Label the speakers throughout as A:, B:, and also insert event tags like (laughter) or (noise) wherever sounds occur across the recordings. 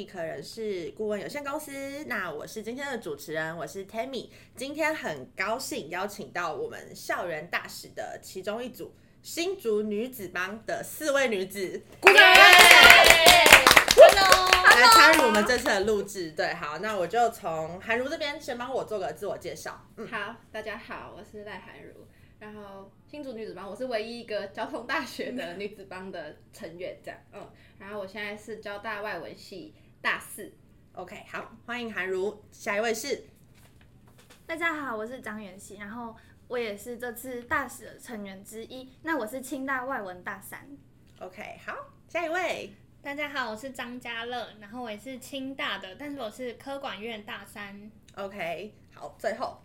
A: 立可人事顧問有限公司，那我是今天的主持人，我是 Tammy，今天很高興邀請到我們校園大使的其中一組新竹女子幫的四位女子，歡迎 Hello 來參與我們這次的錄制，對，好，那我就從涵儒這邊先幫我做個自我介紹，嗯，
B: 好，大家好，我是賴涵儒，然後新竹女子幫，我是唯一一個交通大學的女子幫的成員，這樣，嗯，然後我現在是交大外文系。
A: 大四，OK，好，歡迎涵儒。下一位是，
C: 大家好，我是張媛晰，然後我也是這次大使的成員之一。那我是清大
D: 外文大三，OK，好，下一位。大家好，我是張佳樂，然後我也是清大的，但是我是科管院大三
A: ，OK，好，最後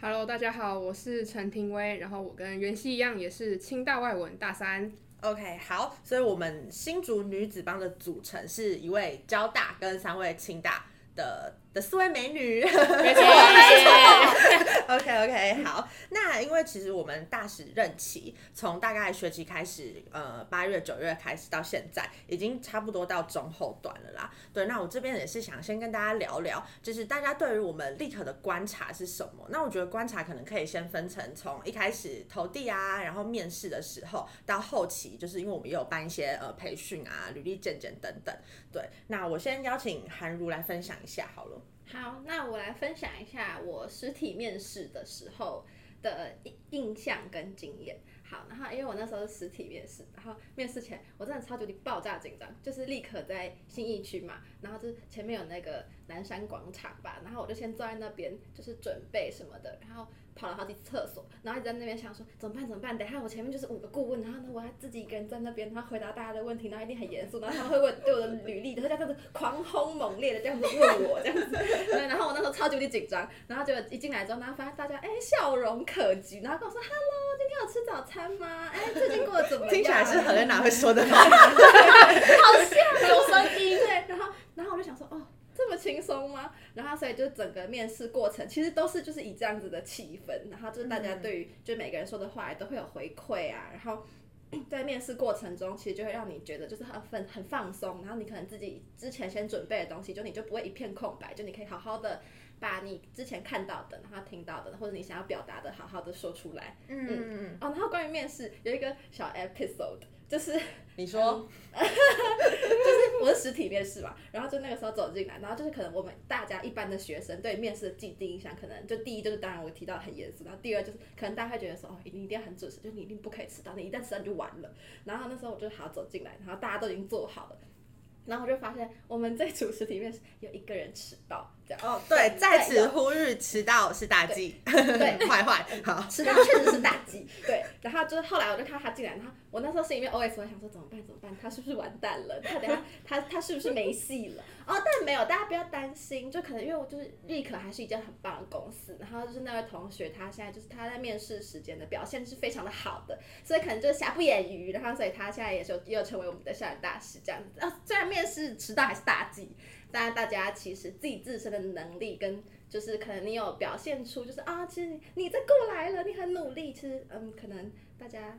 E: ，Hello，大家好，我是陳庭葳，然後我跟媛晰一樣，也是清大外文大
A: 三。OK，好，所以我們新竹女子幫的組成是一位交大跟三位清大的。的四位美女沒錯 (laughs) 而且 (laughs) ，OK OK 好，那因為其實我們大使任期從大概學期開始，呃八月九月開始到現在，已經差不多到中後段了啦。對，那我這邊也是想先跟大家聊聊，就是大家對於我們立可的觀察是什麼？那我覺得觀察可能可以先分成從一開始投遞啊，然後面試的時候，到後期就是因為我們也有辦一些呃培訓啊、履歷健檢等等。對，那我先邀請涵儒來分享一下好了。
B: 好，那我來分享一下我實體面試的時候的印印象跟經驗。好，然後因為我那時候是實體面試，然後面試前我真的超級爆炸緊張，就是立可在信義區嘛，然後就是前面有那個。南山廣場吧，然後我就先坐在那邊，就是準備什麼的，然後跑了好幾次廁所，然後一直在那邊想說怎麼辦怎麼辦，等一下我前面就是五個顧問，然後呢我還自己一個人在那邊，然後回答大家的問題，然後一定很嚴肅，然後他們會問對我的履歷，都會這樣子狂轟猛烈的這樣子問我這樣子，然後然後我那時候超級無敵緊張，然後就一進來之後，然後發現大家哎笑容可掬，然後跟我說 hello，今天有吃早餐嗎？哎最近過得怎麼樣？聽起來是很難會說的嗎？ (laughs) 好像 (laughs) 有聲音哎，然後然後我就想說哦。輕鬆嗎？然後，所以就整個面試過程其實都是就是以這樣子的氣氛，然後就是大家對於就每個人說的話也都會有回饋啊。然後在面試過程中，其實就會讓你覺得就是很很很放鬆，然後你可能自己之前先準備的東西，就你就不會一片空白，就你可以好好的。把你之前看到的，然後聽到的，或者你想要表達的，好好的說出來。嗯嗯嗯。哦，然後關於面試有一個小 episode，就是你說，嗯、 (laughs) 就是我的實體面試嘛， (laughs) 然後就那個時候走進來，然後就是可能我們大家一般的學生對面試的既定印象，可能就第一就是當然我提到很嚴肅，然後第二就是可能大家會覺得說哦，一定一定要很準時，就是你一定不可以遲到，你一旦遲到你就完了。然後那時候我就好走進來，然後大家都已經坐好了，然後我就發現我們這組實體面試有一個人遲到。哦對，對，在此呼
A: 籲，遲到是大忌，對，壞壞，壞壞 (laughs) 好，遲到確實是大
B: 忌，對。然後就是後來我就看到他進來，他我那時候是因為 OS，我想說怎麼辦怎麼辦，他是不是完蛋了？他等下 (laughs) 他他是不是沒戲了？ (laughs) 哦，但沒有，大家不要擔心，就可能因為我就是立可 (laughs) 還是一間很棒的公司，然後就是那位同學他現在就是他在面試時間的表現是非常的好的，所以可能就是瑕不掩瑜，然後所以他現在也是又成為我們的校園大使這樣子。啊、哦，雖然面試遲到還是大忌。但大家其實自己自身的能力跟就是可能你有表現出就是啊，其實你在過來了，你很努力。其實嗯，可能大家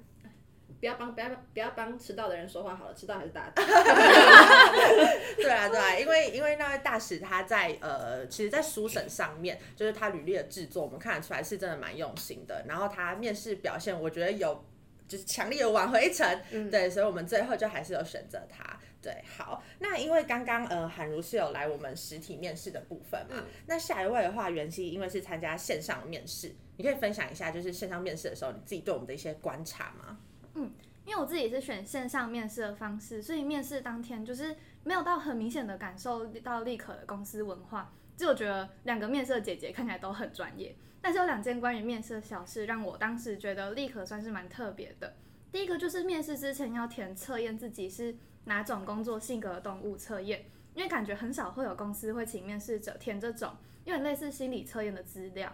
B: 不要幫不要不要幫遲到的人說話好了，遲到還
A: 是大。 (laughs) (laughs) (laughs) (laughs) (laughs) 對啊對啊，因為因為那位大使他在呃，其實，在書審上面就是他履歷的制作，我們看得出來是真的蠻用心的。然後他面試表現，我覺得有就是強力的挽回一成。嗯，對，所以我們最後就還是有選擇他。對，好，那因為剛剛呃，涵儒是有來我們實體面試的部分嘛，嗯，那下一位的話，媛晰因為是參加線上面試，你可以分享一下就是線上面試的時候你自己對我們的一些觀察嗎？嗯，
C: 因為我自己是選線上面試的方式，所以面試當天就是沒有到很明顯的感受到立可的公司文化，就我覺得兩個面試的姐姐看起來都很專業，但是有兩件關於面試的小事讓我當時覺得立可算是蠻特別的。第一個就是面試之前要填測驗自己是哪種工作性格的動物測驗？因為感覺很少會有公司會請面試者填這種，因為類似心理測驗的資料。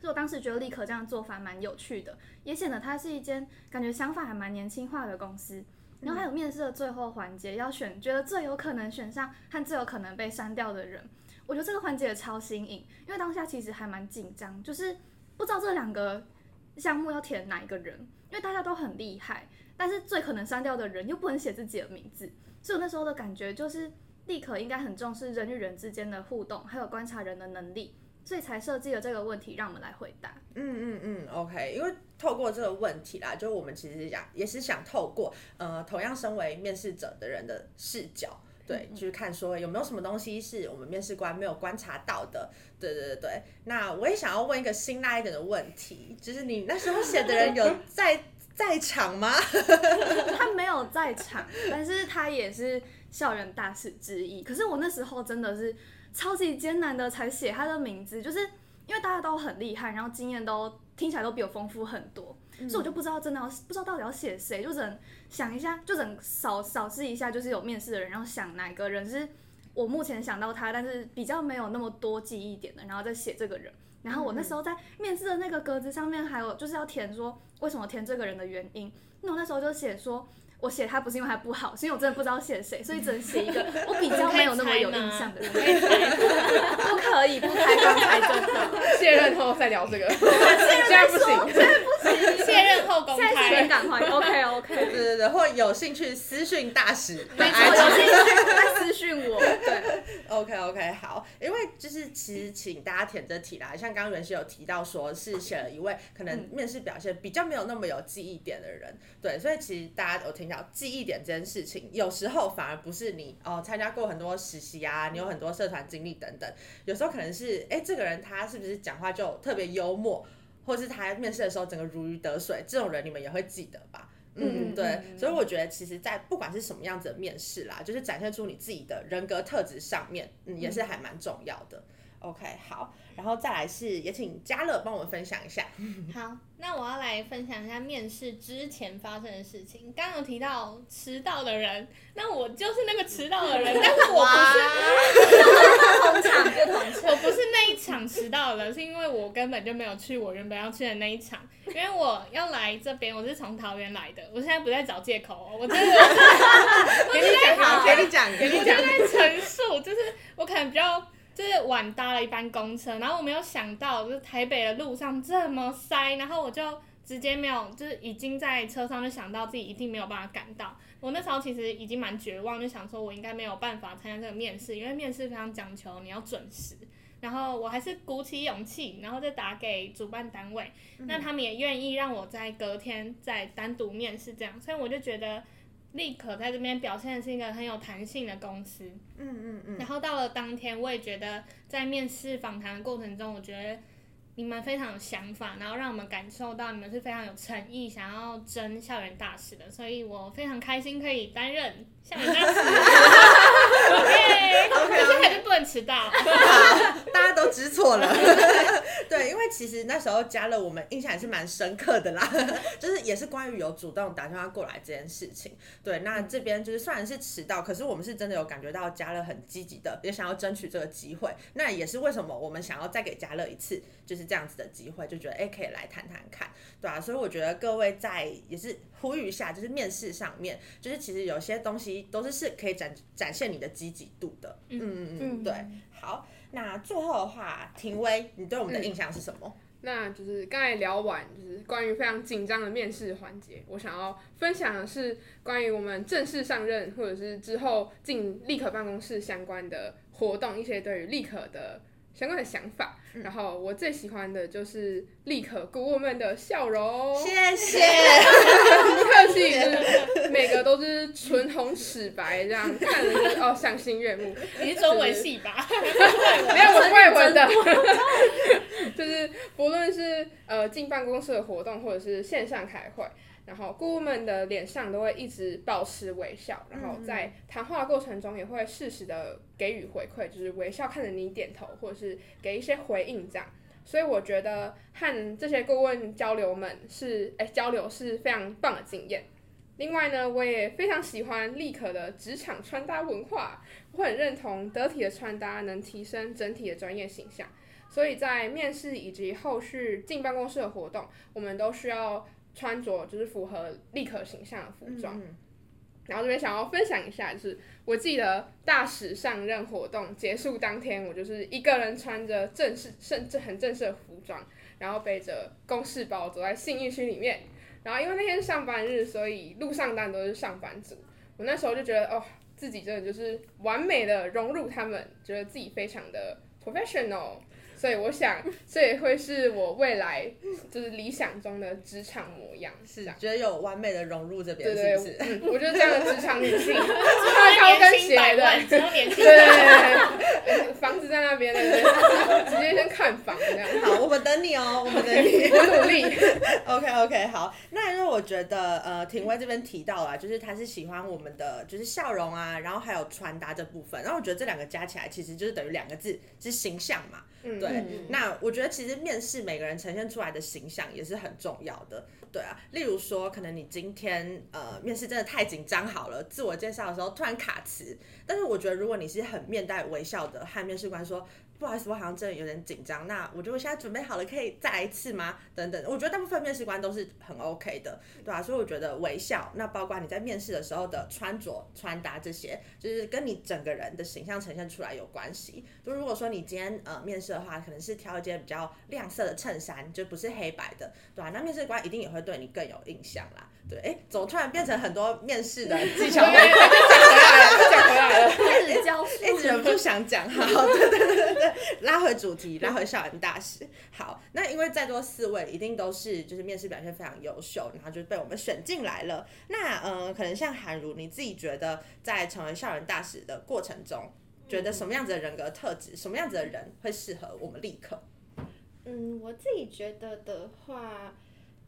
C: 所以我當時覺得立可這樣做法蠻有趣的，也顯得他是一間感覺想法還蠻年輕化的公司。然後還有面試的最後環節，要選覺得最有可能選上和最有可能被刪掉的人。我覺得這個環節也超新穎，因為當下其實還蠻緊張，就是不知道這兩個項目要填哪一個人，因為大家都很厲害。但是最可能刪掉的人又不能寫自己的名字，所以我那時候的感覺就是，立可應該很重視人與人之間的互動，還有觀察人的能力，所以才設計了這個問題讓我們
A: 來回答。嗯嗯嗯，OK，因為透過這個問題啦，就我們其實也也是想透過呃同樣身為面試者的人的視角，對，去、就是、看說有沒有什麼東西是我們面試官沒有觀察到的。對對對對，那我也想要問一個辛辣一點的問題，就是你那時候寫的人有在。 (laughs) 在場嗎？
C: (laughs) (laughs) 他
A: 沒有在場，但是他也是校園大使之一。可是我
C: 那時候真的是超級艱難的才寫他的名字，就是因為大家都很厲害，然後經驗都聽起來都比我豐富很多，嗯，所以我就不知道真的要不知道到底要寫誰，就只能想一下，就只能掃掃視一下，就是有面試的人，然後想哪個人，就是我目前想到他，但是比較沒有那麼多記憶點的，然後再寫這個人。然後我那時候在面試的那個格子上面還有，就是要填說為什麼填這個人的原因，那我那時候就寫說。我寫他不是因為他不好，是因為我真的不知道寫誰，所以只能寫一個我比較沒有那麼有印象的人。可不
E: 可以不開放，不開放。卸任後再聊
A: 這個，現在不行，現
E: 在不行。卸任後公開，趕快。OK OK，對對對。
A: 或有興趣私訊大使沒錯，有興趣不私訊我。對 (laughs) ，OK OK，好。因為就是其實請大家填這題啦，像剛剛媛晰有提到說是選了一位可能面試表現比較沒有那麼有記憶點的人，對，所以其實大家都聽。要記一點這件事情，有時候反而不是你哦，參加過很多實習啊，你有很多社團經歷等等，有時候可能是誒、欸，這個人他是不是講話就特別幽默，或是他面試的時候整個如魚得水，這種人你們也會記得吧？嗯，對。嗯嗯嗯，所以我覺得其實，在不管是什麼樣子的面試啦，就是展現出你自己的人格特質上面，嗯，也是還蠻重要的。嗯。OK，好，然後再來是也請佳樂幫我們分享一下。好，
D: 那我要來分享一下面試之前發生的事情。剛剛有提到遲到的人，那我就是那個遲到的人，但是我不是 (laughs) 我不是那一場遲到的， (laughs) 是遲到的，是因為我根本就沒有去我原本要去的那一場，因為我要來這邊，我是從桃園來的，我現在不在找借口哦，我真的、就是， (laughs) 給你講，給你講，給你講，我在陳述， (laughs) 就是我可能比較。就是晚搭了一班公車，然後我沒有想到，就是台北的路上這麼塞，然後我就直接沒有，就是已經在車上就想到自己一定沒有辦法趕到。我那時候其實已經蠻絕望，就想說我應該沒有辦法參加這個面試，因為面試非常講求你要準時。然後我還是鼓起勇氣，然後再打給主辦單位，那他們也願意讓我在隔天再單獨面試這樣，所以我就覺得。立可在這邊表現的是一個很有彈性的公司，嗯嗯嗯。然後到了當天，我也覺得在面試訪談的過程中，我覺得你們非常有想法，然後讓我們感受到你們是非常有誠意想要爭校園大使的，所以我非常開心可以擔任校園大使。耶！可是還是不能遲
A: 到。大家都知錯了。 (laughs) 對，因為其實那時候佳樂我們印象還是蠻深刻的啦，就是也是關於有主動打電話過來這件事情。對，那這邊就是雖然是遲到，可是我們是真的有感覺到佳樂很積極的，也想要爭取這個機會。那也是為什麼我們想要再給佳樂一次就是這樣子的機會，就覺得誒、欸、可以來談談看，對啊，所以我覺得各位在也是呼籲一下，就是面試上面，就是其實有些東西都是是可以展展現你的積極度的。嗯嗯嗯，對，好。那最後的話，庭葳，你對我們的印象是什麼？嗯，
E: 那就是剛才聊完，就是關於非常緊張的面試環節，我想要分享的是關於我們正式上任或者是之後進立可辦公室相關的活動，一些對於立可的。相關的想法，然後我最喜歡的就是立可姑娘們的笑容。嗯、 (laughs) 謝謝，不客氣。每個都是唇紅齒白，這樣 (laughs) 看着、就是、哦，賞心悅目。你是中文系吧？哈哈， (laughs) (laughs) 沒有，我是外文的。 (laughs) 就是不論是呃進辦公室的活動，或者是線上開會。然後顧問們的臉上都會一直保持微笑，然後在談話的過程中也會適時的給予回饋，就是微笑看着你點頭，或者是給一些回應這樣。所以我覺得和這些顧問交流們是、哎、交流是非常棒的經驗。另外呢，我也非常喜歡立可的職場穿搭文化，我很認同得體的穿搭能提升整體的專業形象。所以在面試以及後續進辦公室的活動，我們都需要。穿着就是符合立可形象的服裝，嗯嗯，然後這邊想要分享一下，就是我記得大使上任活動結束當天，我就是一個人穿着正式，甚至很正式的服裝，然後背着公事包走在信義區裡面。然後因為那天是上班日，所以路上當然都是上班族。我那時候就覺得，哦，自己真的就是完美的融入他們，覺得自己非常的 professional。所以我想，這也會是我未來就是理想中的職場模樣，是 (laughs) 覺
A: 得有完美的融入這邊是，
E: 不是？ (laughs) (laughs) (laughs) 我就這樣的職場女性，穿 (laughs) 高跟鞋的，然後年輕，對，對,對、 (laughs) 嗯，房子在那邊，對對，直接先看房這樣子。好，我
A: 們等你哦，我們等你， (laughs) (laughs) 我努力。 (laughs) OK OK，好，那因為我覺得呃，庭葳這邊提到了、啊，就是他是喜歡我們的就是笑容啊，然後還有穿搭這部分，然後我覺得這兩個加起來其實就是等於兩個字，是形象嘛，嗯，對。對，那我覺得其實面試每個人呈現出來的形象也是很重要的，對啊。例如說，可能你今天呃面試真的太緊張好了，自我介紹的時候突然卡詞。但是我覺得如果你是很面帶微笑的，和面試官說。不好意思，我好像真的有點緊張。那我覺得我現在準備好了，可以再來一次嗎？等等，我覺得大部分面試官都是很 OK 的，對吧？所以我覺得微笑，那包括你在面試的時候的穿着、穿搭這些，就是跟你整個人的形象呈現出來有關係。就如果說你今天呃面試的話，可能是挑一件比較亮色的襯衫，就不是黑白的，對吧？那面試官一定也會對你更有印象啦。對，哎，怎麼突然變成很多面試的技巧？對 (laughs) 講回來了， (laughs) 講回來了。一直教，一直不想講 (laughs) 好，對對對對對，拉回主題， (laughs) 拉回校園大使。好，那因為在座四位，一定都是就是面試表現非常優秀，然後就被我們選進來了。那嗯、呃，可能像涵儒，你自己覺得在成為校園大使的過程中、嗯，覺得什麼樣子的人格特質，什麼樣子的人會適合我們立可，嗯，
B: 我自己覺得的話。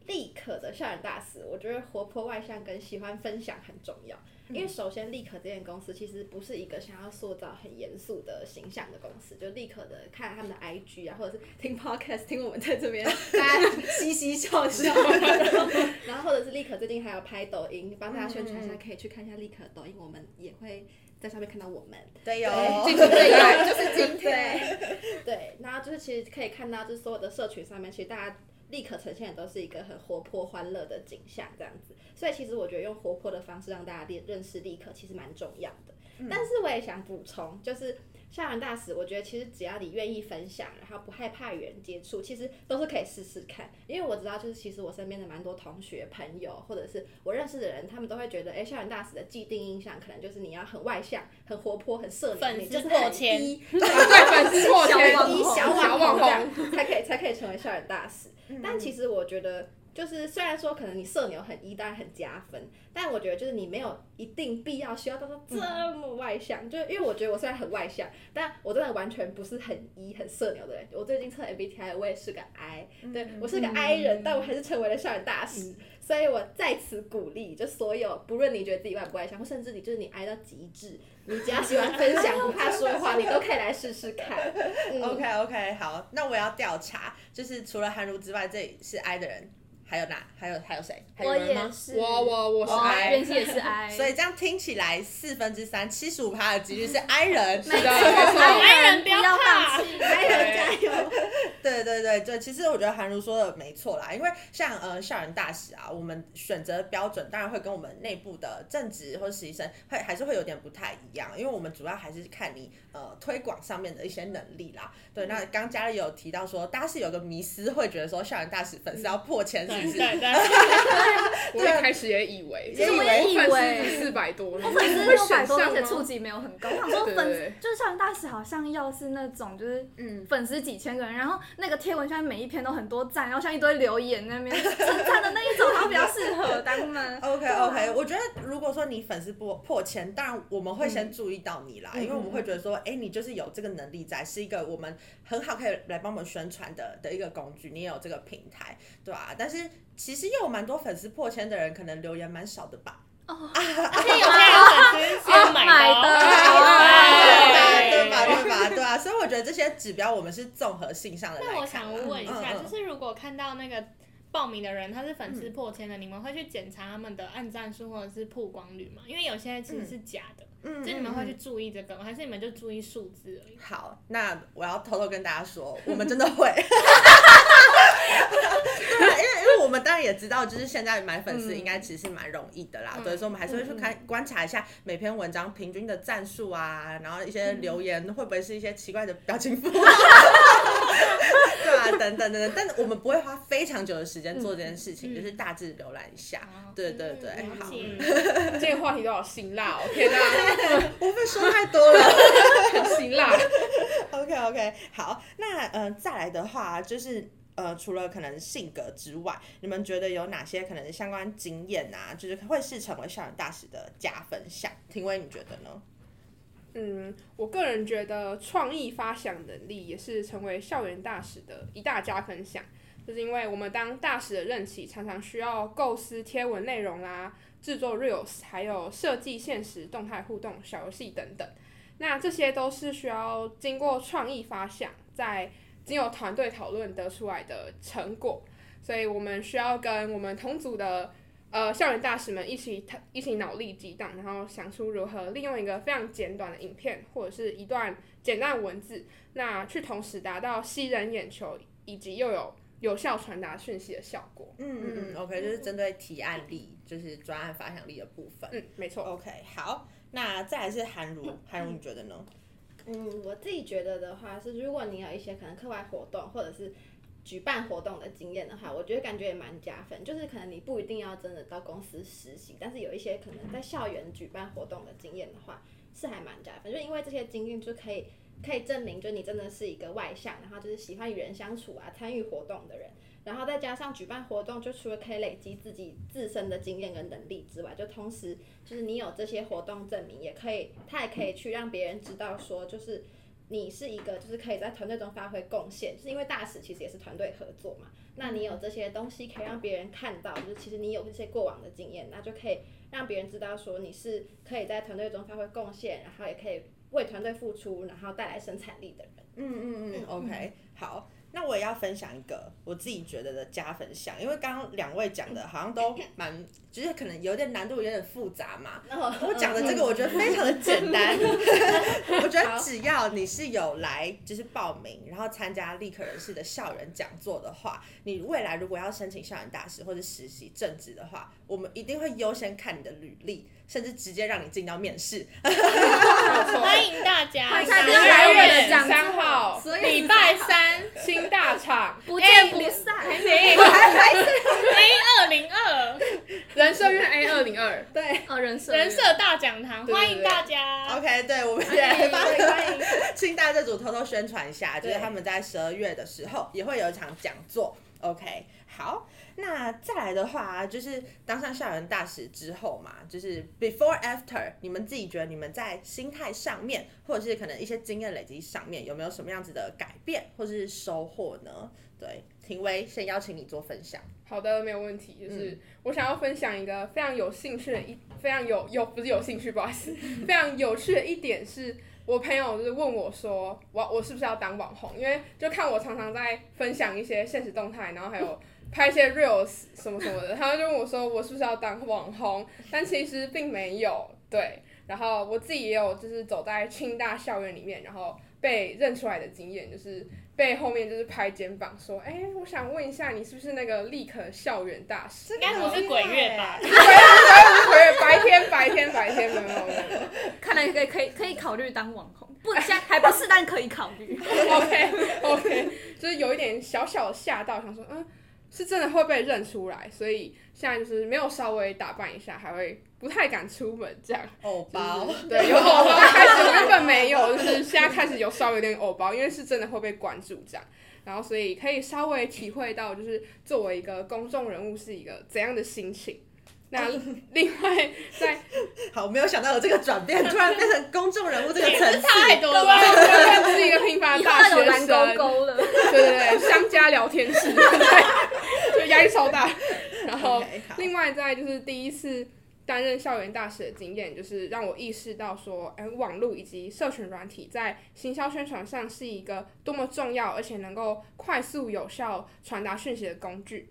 B: 立可的校園大使，我覺得活潑外向跟喜歡分享很重要，嗯、因為首先立可這間公司其實不是一個想要塑造很嚴肅的形象的公司，就立可的看他們的 IG 啊，或者是聽，聽 podcast，聽我們在這邊大家 (laughs) 嘻嘻笑笑， (laughs) (laughs) 然後或者是立可最近還有拍抖音，幫大家宣傳一下，可以去看一下立可的抖音，我們也會在上面看到我們。對哦，對對對 (laughs) 就是今天對，對，然後就是其實可以看到，就是所有的社群上面，其實大家。立可呈現的都是一個很活潑歡樂的景象，這樣子，所以其實我覺得用活潑的方式讓大家認識立可其實蠻重要的，嗯。但是我也想補充，就是。校園大使，我覺得其實只要你願意分享，然後不害怕與人接觸，其實都是可以試試看。因為我知道，就是其實我身邊的蠻多同學朋友，或者是我認識的人，他們都會覺得，哎、欸，校園大使的既定印象可能就是你要很外向、很活潑、很社牛，你就是破千，對，粉絲破千， (laughs) 小網紅，這樣小網紅才可以才可以成為校園大使、嗯。但其實我覺得。就是雖然說可能你社牛很一，但很加分。但我覺得就是你沒有一定必要需要做到這麼外向、嗯。就因為我覺得我雖然很外向，但我真的完全不是很一很社牛的。我最近測 MBTI，我也是個 I、嗯、對，我是個 I 人、嗯，但我還是成為了校園大使、嗯。所以我在此鼓勵，就所有
A: 不論你覺得自己外不外向，或甚至你就是你 I 到極致，你只要喜歡分享， (laughs) 不怕說話，你都可以來試試看、 (laughs) 嗯。OK OK，好，那我要調查，就是除了涵儒之外，這裡是 I 的人。還有哪？還有還有誰？我也是，我、啊、我、啊、我是 I，人、哦、也是 I，所以這樣聽起來四分之三七十五趴的幾率是 I 人，對吧？I 人,愛人不要放棄，I 人加油！對對對對,對，其實我覺得涵儒說的沒錯啦，因為像呃校園大使啊，我們選擇標準當然會跟我們內部的正職或是實習生會還是會有點不太一樣，因為我們主要還是看你呃推廣上面的一些能力啦。對，嗯、那剛佳樂有提到說，大家是有個迷思，會覺得說校園大使粉絲要破千。嗯大 (laughs) 使， (laughs) 我一開始也，我也以為，我也以為四百多，我粉絲百多， (laughs) 多， (laughs) 而且觸及沒有很高。我想說粉，
C: 粉就是校園大使，好像要是那種就是、嗯、粉絲幾千個人，然後那個貼文圈每一篇都很多讚，然後像一堆留言那邊
A: 稱讚的那一種，好像比較適合。他 (laughs) 們 (laughs) ，OK OK，、啊、我覺得如果說你粉絲破破千，當然我們會先注意到你啦，嗯、因為我們會覺得說，哎、欸，你就是有這個能力在，是一個我們很好可以來幫我們宣傳的的一個工具，你也有這個平台，對吧、啊？但是。其實又有蠻多粉絲破千的人，可能留言蠻少的吧。哦，而且有些人粉絲是先買東西，對吧？對吧？對啊。所以我覺得這些指標我們是綜合性上的。那我想問一下、嗯嗯嗯，就是如果
D: 看到那個報名的人他是粉絲破千的、嗯，你們會去檢查他們的按贊數或者是曝光率嗎、嗯？因為有些其實是假的，嗯，就你們會去注意這個嗎、嗯？還是你們就注意數字而已？好，
A: 那我要偷偷跟大家說，嗯、我們真的會。 (laughs) (laughs) 我們當然也知道，就是現在買粉絲應該其實是蠻容易的啦，嗯嗯、所以說我們還是會去看觀察一下每篇文章平均的讚數啊，然後一些留言會不會是一些奇怪的表情符號，嗯、 (laughs) (laughs) 對啊，等等等，但是我們不會花非常久的時間做這件事情，嗯嗯、就是大致瀏覽一下、嗯，對對對，嗯、好，這個 (laughs) 話題都好辛辣哦，天、okay、吶， (laughs) (laughs) 我被說太多了， (laughs) 很辛辣，OK OK，好，那嗯、呃、再來的話就是。呃，除了可能性格之外，你們覺得有哪些可能相關經驗啊？就是會是成為校園大使的加分項？庭葳，你覺得呢？嗯，
E: 我個人覺得創意發想能力也是成為校園大使的一大加分項，就是因為我們當大使的任期常常需要構思貼文內容啦、啊、製作 reels，還有設計限時動態互動小遊戲等等，那這些都是需要經過創意發想在，僅有團隊討論得出來的成果，所以我們需要跟我們同組的呃校園大使們一起一起腦力激盪，然後想出如何利用一個非常簡短的影片或者是一段簡單的文字，那去同時達到吸人眼球以及又有有效
A: 傳達訊息的效果。嗯嗯 okay, 嗯，OK，就是針對提案力，就是專案發想力的部分。嗯，沒錯。OK，好，那再來是涵儒，涵儒你覺得呢？嗯，
B: 我自己覺得的話是，如果你有一些可能課外活動或者是舉辦活動的經驗的話，我覺得感覺也蠻加分。就是可能你不一定要真的到公司實習，但是有一些可能在校園舉辦活動的經驗的話，是還蠻加分。就因為這些經驗就可以可以證明，就你真的是一個外向，然後就是喜歡與人相處啊，參與活動的人。然後再加上舉辦活動，就除了可以累積自己自身的經驗跟能力之外，就同時就是你有這些活動證明，也可以他也可以去讓別人知道說，就是你是一個就是可以在團隊中發揮貢獻，就是因為大使其實也是團隊合作嘛。那你有這些東西可以讓別人看到，就是其實你有這些過往的經驗，那就可以讓別人知道說你是可以在團隊中發揮貢獻，然後也可以為團隊付出，然後
A: 帶來生產力的人。嗯嗯嗯 (laughs) ，OK，好。那我也要分享一個我自己覺得的加分項，因為剛剛兩位講的好像都蠻，就是可能有點難度、有點複雜嘛。Oh, uh, uh, 然後我講的這個我覺得非常的簡單， (laughs) (laughs) 我覺得只要你是有來就是報名，然後參加立可人士的校園講座的話，你未來如果要申請校園大使或者實習正職的話，我們一定會優先看你的履歷，甚至直接讓你進到面試。 (laughs) 歡迎大家！十二月三號，禮拜三清大場，不見不散。歡迎 A 二
D: 零二，人社院 A 二零二。對，人社人社大講堂，歡迎大家。
A: OK，對我們也歡迎。清 (laughs) 大這組偷偷，偷宣傳一下，就是他們在十二月的時候也會有一場講座。OK，好，那再來的話就是當上校園大使之後嘛，就是 before after，你們自己覺得你們在心態上面，或者是可能一些經驗累積上面，有沒有什麼樣子的改變或者是收穫呢？對，庭葳先
E: 邀請你做分享。好的，沒有問題。就是我想要分享一個非常有興趣的一非常有有不是有興趣，不好意思，非常有趣的一點是。我朋友就是問我說，我我是不是要當網紅？因為就看我常常在分享一些限時動態，然後還有拍一些 reels 什麼什麼的。他們就問我說，我是不是要當網紅？但其實並沒有，對。然後我自己也有，就是走在清大校園裡面，然後被認出來的經驗，就是。背後面就是拍肩膀說：“哎、欸，我想問一下，你是不是那個立可校園大使？”應該不是鬼月吧？鬼月，鬼是鬼月，白天，白天，白天的那 (laughs) (laughs) (laughs) 看來可以、可以，可以考慮當網紅，不，現在還不是， (laughs) 但可以考慮。 (laughs) OK，OK，、okay, okay, 就是有一點小小的嚇到，想說嗯。是真的會被認出來，所以現在就是沒有稍微打扮一下，還會不太敢出門這樣。偶包、就是，對，有偶包 (laughs) 開始，根本沒有，就是現在開始有稍微有點偶包， (laughs) 因為是真的會被關注這樣。然後，所以可以稍微體會到，就是作為一個公眾人物是一個怎樣的心情。那另外
A: 在 (laughs) 好，沒有想到有這個轉變，突然變成公眾人物這個層次，公眾人物是一個平凡大學生 (laughs) 都勾勾，對
E: 對對，商
A: 家聊天室，
E: (laughs) 對，就壓力超大。然後另外在就是第一次擔任校園大使的經驗，就是讓我意識到說，欸，網絡以及社群軟體在行銷宣傳上是一個多麼重要，而且能夠快速有效傳達訊息的工具。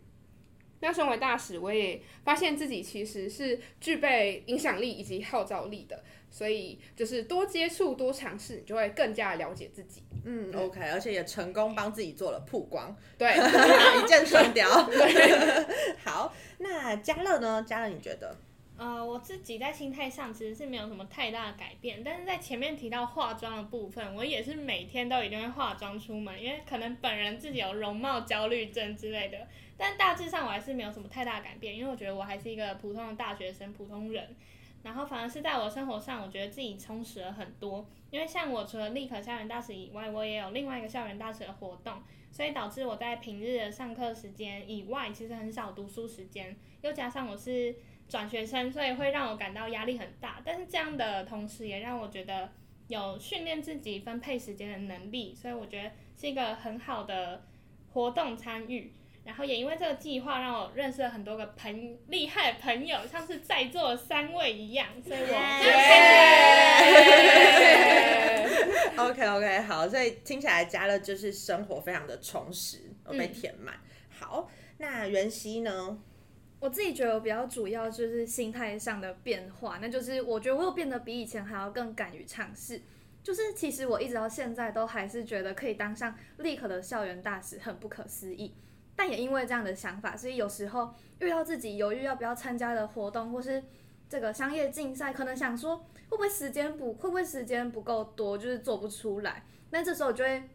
E: 那身為大使，我也發現自己其實是具備影響力以及號召力的，所以就是多接觸、多嘗試，就會更加
A: 了解自己。嗯，OK，嗯而且也成功幫自己做了曝光，對， (laughs) (laughs) 一箭雙雙雕。 (laughs) 對 (laughs) 好，那佳樂呢？佳樂，你覺得？呃，
D: 我自己在心態上其實是沒有什麼太大的改變，但是在前面提到化妝的部分，我也是每天都一定會化妝出門，因為可能本人自己有容貌焦慮症之類的。但大致上我還是沒有什麼太大改變，因為我覺得我還是一個普通的大學生、普通人。然後反而是在我的生活上，我覺得自己充實了很多。因為像我除了立可校園大使以外，我也有另外一個校園大使的活動，所以導致我在平日的上課時間以外，其實很少讀書時間。又加上我是轉學生，所以會讓我感到壓力很大。但是這樣的同時也讓我覺得有訓練自己分配時間的能力，所以我覺得是一個很好的活動參與。然後也因為這個計劃，讓我認識了很多個朋厲害朋友，像是在座三位一樣，所
A: 以我謝謝。OK OK 好，所以聽起來佳樂就是生活非常的充實，我被填滿、嗯。好，
C: 那媛晰呢？我自己覺得我比較主要就是心態上的變化，那就是我覺得我又變得比以前還要更敢於嘗試。就是其實我一直到現在都還是覺得可以當上立可的校園大使，很不可思議。但也因為這樣的想法，所以有時候遇到自己猶豫要不要參加的活動，或是這個商業競賽，可能想說會不會時間，不會不會時間不夠多，就是做不出來。那這時候我就會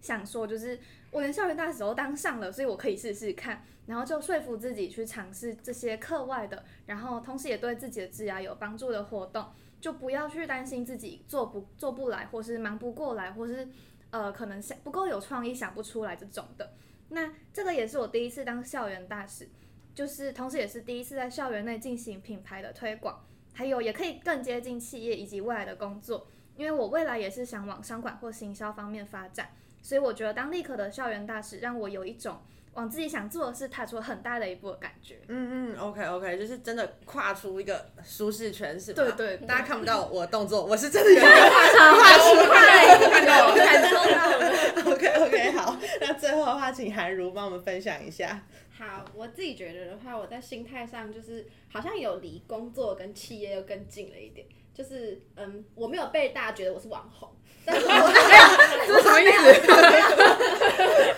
C: 想說，就是我連校園大使都當上了，所以我可以試試看，然後就說服自己去嘗試這些課外的，然後同時也對自己的職涯有幫助的活動，就不要去擔心自己做不做不來，或是忙不過來，或是呃，可能想不夠有創意，想不出來這種的。那這個也是我第一次當校園大使，就是同時也是第一次在校園內進行品牌的推廣，還有也可以更接近企業以及未來的工作，因為我未來也是想往商管或行銷方面發展，所以我覺得當立可的校園大使讓我有一種。往自己想
A: 做的是踏出很大的一步的感覺。嗯嗯，OK OK，就是真的跨出一個舒適圈是吧？對，對對，大家看不到我動作，我是真的有跨出跨出來，看到我看到我到。OK OK，好，那最後的話，請涵儒幫我們分享一下。
B: 好，我自己覺得的話，我在心態上就是好像有離工作跟企業又更近了一點。就是嗯，我沒有被大家覺得我是網紅，但是我哈哈這是什麼意思？ (laughs)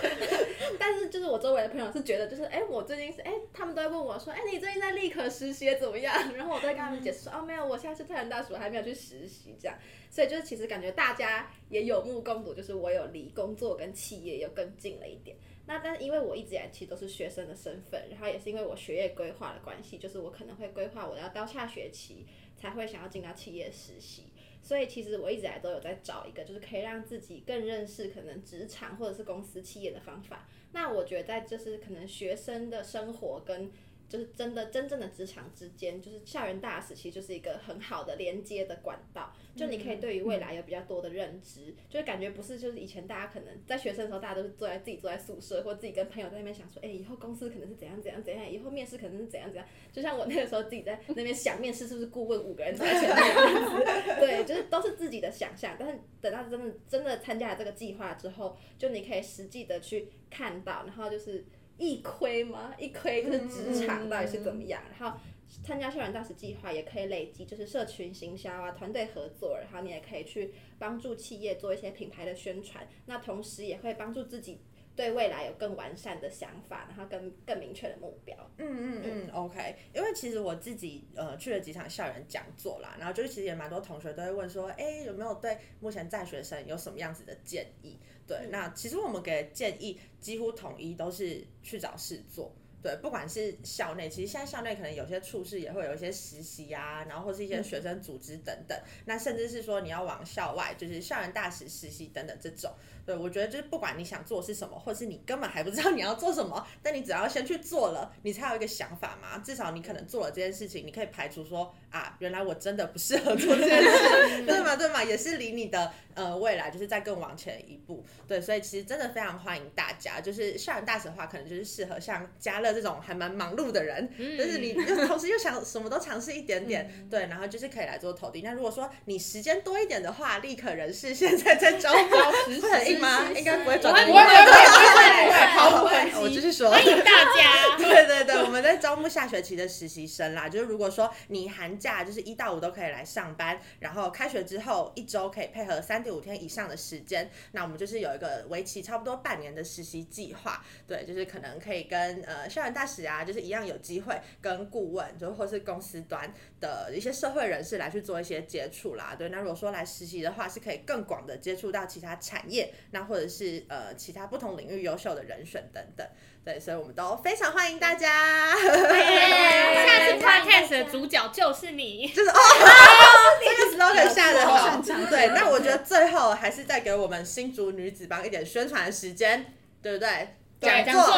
B: 但是就是我周圍的朋友是覺得就是哎，我最近是哎，他們都在問我說哎，你最近在立可實習怎麼樣？然後我在跟他們解釋說、嗯、哦，沒有，我現在是特陽大暑，還沒有去實習這樣。所以就是其實感覺大家也有目共睹，就是我有離工作跟企業又更近了一點。那但因為我一直以來其實都是學生的身份，然後也是因為我學業規劃的關係，就是我可能會規劃我要到下學期才會想要進到企業實習。所以其實我一直以來都有在找一個，就是可以讓自己更認識可能職場或者是公司企業的方法。那我覺得在就是可能學生的生活跟。就是真的，真正的職場之間，就是校園大使其實就是一個很好的連接的管道。嗯、就你可以對於未來有比較多的認知，嗯、就是感覺不是就是以前大家可能在學生的時候，大家都是坐在自己坐在宿舍，或自己跟朋友在那邊想說，哎、欸，以後公司可能是怎樣怎樣怎樣，以後面試可能是怎樣怎樣。就像我那個時候自己在那邊想面試是不是顧問五個人在前面這樣子 (laughs) 對，就是都是自己的想象但是等到真的真的參加了這個計劃之後，就你可以實際的去看到，然後就是。一窺嗎？一窺就是職場、嗯、到底是怎麼樣？嗯、然後參加校園大使計劃也可以累積，就是社群行銷啊，團隊合作，然後你也可以去幫助企業做一些品牌的宣傳，那同時也會幫助自己。對未來有更完善的想法，然後
A: 更更明確的目標。嗯嗯嗯，嗯，OK。因為其實我自己呃去了幾場校園講座啦，然後就是其實也蠻多同學都會問說，哎，有沒有對目前在學生有什麼樣子的建議？對，嗯。那其實我們給的建議幾乎統一都是去找事做。對，不管是校內，其實現在校內可能有些處室也會有一些實習啊，然後或是一些學生組織等等、嗯，那甚至是說你要往校外，就是校園大使實習等等這種。對，我覺得就是不管你想做是什麼，或是你根本還不知道你要做什麼，但你只要先去做了，你才有一個想法嘛。至少你可能做了這件事情，你可以排除說。啊，原來我真的不適合做這件事， (laughs) 嗯、對嘛對嘛，也是離你的呃未來就是再更往前一步，對，所以其實真的非常歡迎大家，就是校園大使的話，可能就是適合像佳樂這種還蠻忙碌的人，嗯、就是你又同時又想什麼都嘗試一點點，嗯、對，然後就是可以來做投遞。那、嗯、如果說你時間多一點的話，立可人士現在在招募，會很硬嗎？應該不會轉正，不會不會不會，好，我就是說，歡迎大家。 (laughs) 對，對對對，我們在招募下學期的實習生啦， (laughs) 就是如果說你寒假就是一到五都可以來上班，然後開學之後一周可以配合三點五天以上的時間，那我們就是有一個為期差不多半年的實習計劃，對，就是可能可以跟呃校園大使啊，就是一樣有機會跟顧問，就或是公司端的一些社會人士來去做一些接觸啦，對，那如果說來實習的話，是可以更廣的接觸到其他產業，那或者是呃其他不同領域優秀的人選等等。對，所以我們都非常歡迎大家。下次 podcast 的主角就是你，就是哦，這、oh, 個、 (laughs) oh, 是 Logan 下次上場。對，那、嗯、我覺得最後還是再給我們新竹女子幫一點宣傳時間，對不對？講座、講座、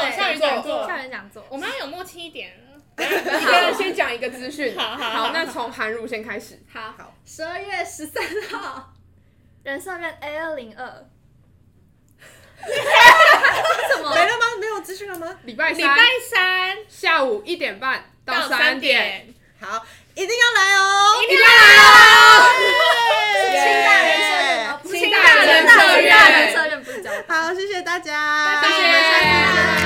A: 校園
D: 講座，我們要有默契一點。
A: 先講一個資訊，好好。那從
E: 涵 (laughs) 儒先開始，
C: 好好。十二月十三號，人社院 A 二零二。
D: (laughs) (laughs)
E: 怎麼 (laughs) 沒了嗎？沒有資訊了嗎？禮拜三禮拜三下午一點半到三點,三點，
A: 好，一定要來哦，一定要來哦！清、哦 yeah! 大人策略，清大人策略，清大人，清大人，不是講好，謝謝大家，謝謝。拜拜拜拜拜拜。